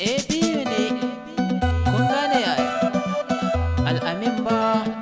a biyu ne kun gane al'amin ba